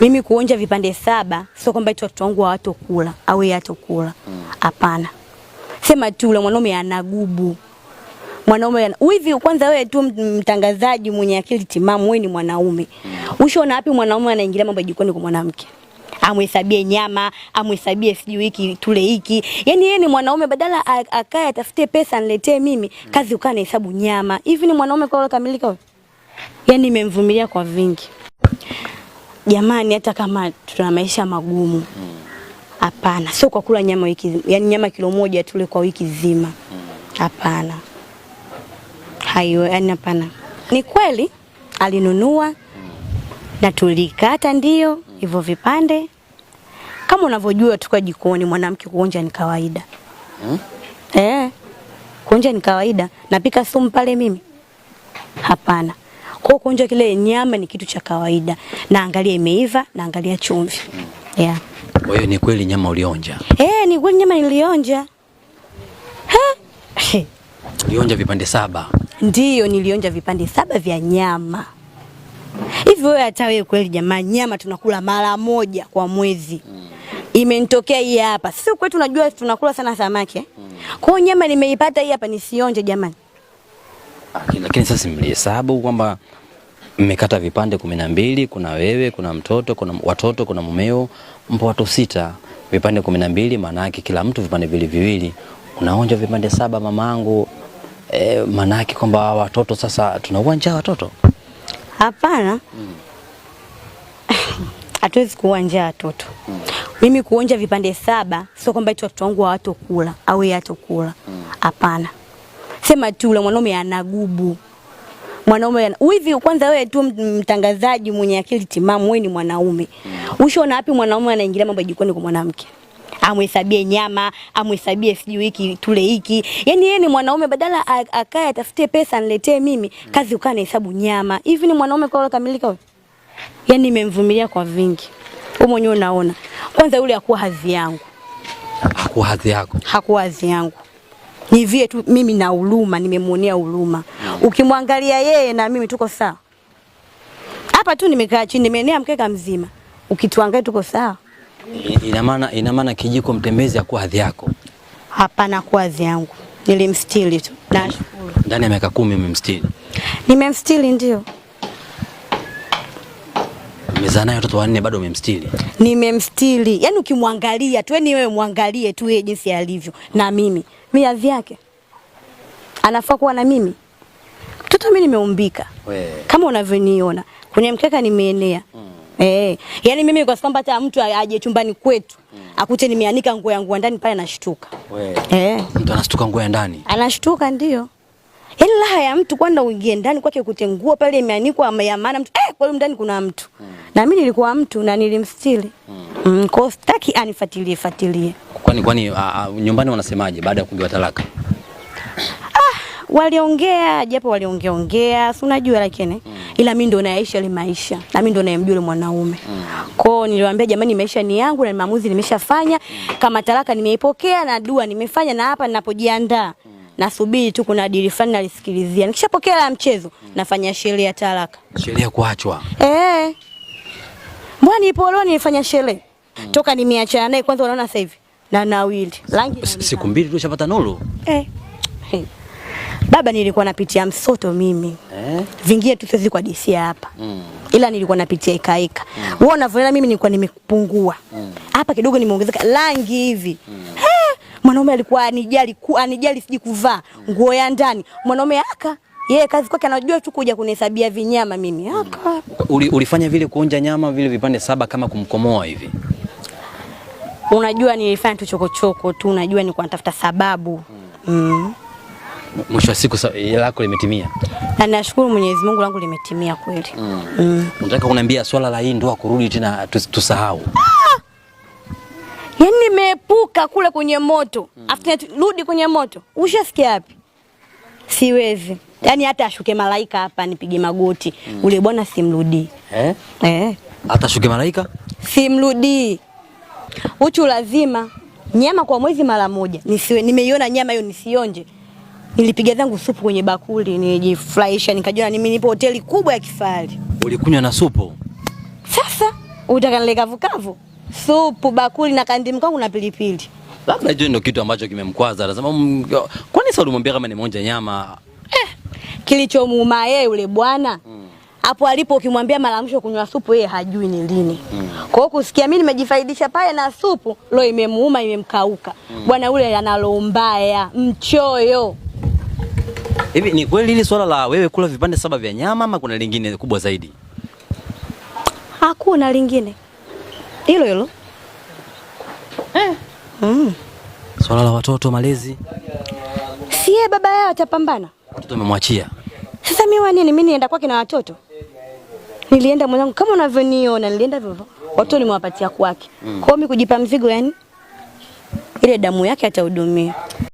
Mimi kuonja vipande saba sio kwamba eti watoto wangu hawatokula au yeye atokula. Hapana. Sema tu ule mwanaume ana gubu. Mwanaume hivi kwanza, wewe tu mtangazaji mwenye akili timamu, wewe ni mwanaume. Ushaona wapi mwanaume anaingilia mambo ya jikoni kwa mwanamke? Amhesabie nyama, amhesabie sijui hiki tule hiki. Yaani yeye ni mwanaume, badala akae atafute pesa aniletee mimi, kazi ukaa na hesabu nyama. Hivi ni mwanaume kwa kamilika wewe? Yaani nimemvumilia kwa vingi jamani, hata kama tuna maisha magumu hmm. hapana, sio kwa kula nyama wiki, yani nyama kilo moja tule kwa wiki zima, hmm. hapana, hayo yani hapana. Ni kweli alinunua hmm. na tulikata, ndio hivyo vipande. Kama unavyojua, tuka jikoni, mwanamke kuonja ni kawaida hmm? Eh, kuonja ni kawaida. Napika sumu pale mimi? Hapana. Kwa kuonja kile nyama ni kitu cha kawaida, na angalia imeiva na angalia chumvi. Yeah. Kwa hiyo ni kweli nyama ulionja? Eh, ni kweli nyama nilionja. Ha? Ulionja vipande saba? Ndiyo, nilionja vipande saba vya nyama. Hivi wewe hata wewe kweli jamaa, nyama tunakula mara moja kwa mwezi. Mm. Imenitokea hii hapa. Sisi kwetu tunajua tunakula sana samaki. Eh? Mm. Kwa hiyo nyama nimeipata hii hapa nisionje jamani lakini sasa mlihesabu kwamba mmekata vipande kumi na mbili, kuna wewe, kuna mtoto, kuna watoto, kuna mumeo, mpo watu sita, vipande kumi na mbili, maana yake kila mtu vipande viwili viwili, unaonja vipande saba mamangu. E, maana yake kwamba watoto sasa tunaua njaa watoto? Hapana, hmm. hatuwezi hmm. kuua njaa watoto hmm. Mimi kuonja vipande saba sio kwamba eti watoto wangu hawatokula au yeye atokula, hmm. hapana hmm sema tu ule mwanaume anagubu mwanaume hivi. ya... Kwanza wewe tu mtangazaji mwenye akili timamu, wewe ni mwanaume, ushaona wapi mwanaume anaingilia mambo ya jikoni kwa mwanamke? Amhesabie nyama, amhesabie sijui hiki tule hiki, yaani yeye ni mwanaume, badala akae atafutie pesa aniletee mimi, kazi ukaa na hesabu nyama. Hivi ni mwanaume kwa kamilika wewe? Yaani nimemvumilia kwa vingi, wewe mwenyewe unaona. Kwanza yule hakuwa hadhi yangu, hakuwa hadhi yako, hakuwa hadhi yangu ni vile tu mimi na huruma, nimemwonea huruma. Ukimwangalia yeye na mimi tuko sawa hapa tu, nimekaa chini, nimeenea mkeka mzima, ukituangalia tuko sawa. Ina maana ina maana kijiko mtembezi akuwa hadhi yako? Hapana, kwa hadhi yangu nilimstili tu, nashukuru. Ndani ya miaka kumi umemstili? Nimemstiri ndio umezaa naye watoto wanne bado umemstiri? Nimemstiri, yani, ukimwangalia tu, yani, wewe mwangalie tu yeye jinsi alivyo na mimi mimi hadhi yake anafaa kuwa na mimi mtoto. Mimi nimeumbika kama unavyoniona kwenye mkeka nimeenea mm. Eh, yani mimi kwa sababu hata mtu aje chumbani kwetu mm. akute nimeanika nguo yangu ndani pale anashtuka. Eh. Mtu anashtuka nguo ya ndani. Anashtuka ndio. Ila yaani ya mtu kwenda uingie ndani kwake ukute nguo pale imeanikwa ya maana mtu eh! kwa hiyo ndani kuna mtu mm. na mimi nilikuwa mtu na nilimstiri mm. mm, kwa sitaki anifuatilie fuatilie. Kwani kwani nyumbani wanasemaje baada ya kugiwa talaka? Ah, waliongea japo waliongea ongea, si unajua lakini mm. ila mimi ndo naishi ile maisha na mimi ndo nayemjua ile mwanaume mm. kwa hiyo niliwaambia jamani, maisha ni yangu na maamuzi nimeshafanya, kama talaka nimeipokea na dua nimefanya, na hapa ninapojiandaa nasubiri tu, kuna dili fulani nalisikilizia, nikishapokea la mchezo hmm. nafanya sherehe ya talaka, sherehe kuachwa. Eh, mbona ipo leo nifanya sherehe mm. toka nimeachana naye kwanza, unaona sasa hivi na nawili rangi siku mbili tu ushapata nuru eh. Hey. Baba, nilikuwa napitia msoto mimi eh? Vingie tu siwezi kwa DC hapa mm. Ila nilikuwa napitia ikaika mm. Wewe unavyoona mimi nilikuwa nimepungua hmm. hapa mm. Kidogo nimeongezeka rangi hivi mm mwanaume alikuwa anijali anijali, siji kuvaa nguo ya ndani. Mwanaume aka yeye kazi kwake anajua tu kuja kunihesabia vinyama mimi aka. Uli, ulifanya vile kuonja nyama vile vipande saba kama kumkomoa hivi? Unajua nilifanya tu chokochoko tu, unajua nilikuwa natafuta sababu mm. Mwisho wa siku lako limetimia, na nashukuru Mwenyezi Mungu, langu limetimia kweli. Unataka mm. mm. kuniambia swala la hii ndoa kurudi tena tusahau? Yaani nimeepuka kule kwenye moto mm. After that rudi kwenye moto ushasikia wapi? Siwezi yaani hata ashuke malaika hapa nipige magoti mm. Ule bwana simrudii eh? Eh. Hata ashuke malaika simrudii. Uchu lazima nyama kwa mwezi mara moja, nisiwe nimeiona nyama hiyo nisionje. Nilipiga zangu supu kwenye bakuli nijifurahisha, nikajiona mimi nipo hoteli kubwa ya kifahari. Ulikunywa na supu? Sasa utakanileka vukavu supu, bakuli na kandi mkongo na pilipili. Labda hiyo ndio kitu ambacho kimemkwaza. Anasema mm, kwani sasa ulimwambia kama ni moja nyama? Eh, kilichomuuma yeye yule bwana mm. hapo mm. alipo ukimwambia mara mwisho kunywa supu yeye hajui ni lini mm. Kwa hiyo kusikia mimi nimejifaidisha pale na supu lo, imemuuma imemkauka mm. Bwana yule analo mchoyo. Hivi ni kweli hili swala la wewe kula vipande saba vya nyama ama kuna lingine kubwa zaidi? Hakuna lingine hilo hilo eh. mm. Swala la watoto malezi, sie baba yao atapambana. Watoto amemwachia sasa, mimi wa nini? Mimi nienda kwake na watoto? Nilienda mwanangu kama unavyoniona, nilienda vivyo watoto, nimewapatia kwake mm. Kwao mimi kujipa mzigo, yani ile damu yake atahudumia.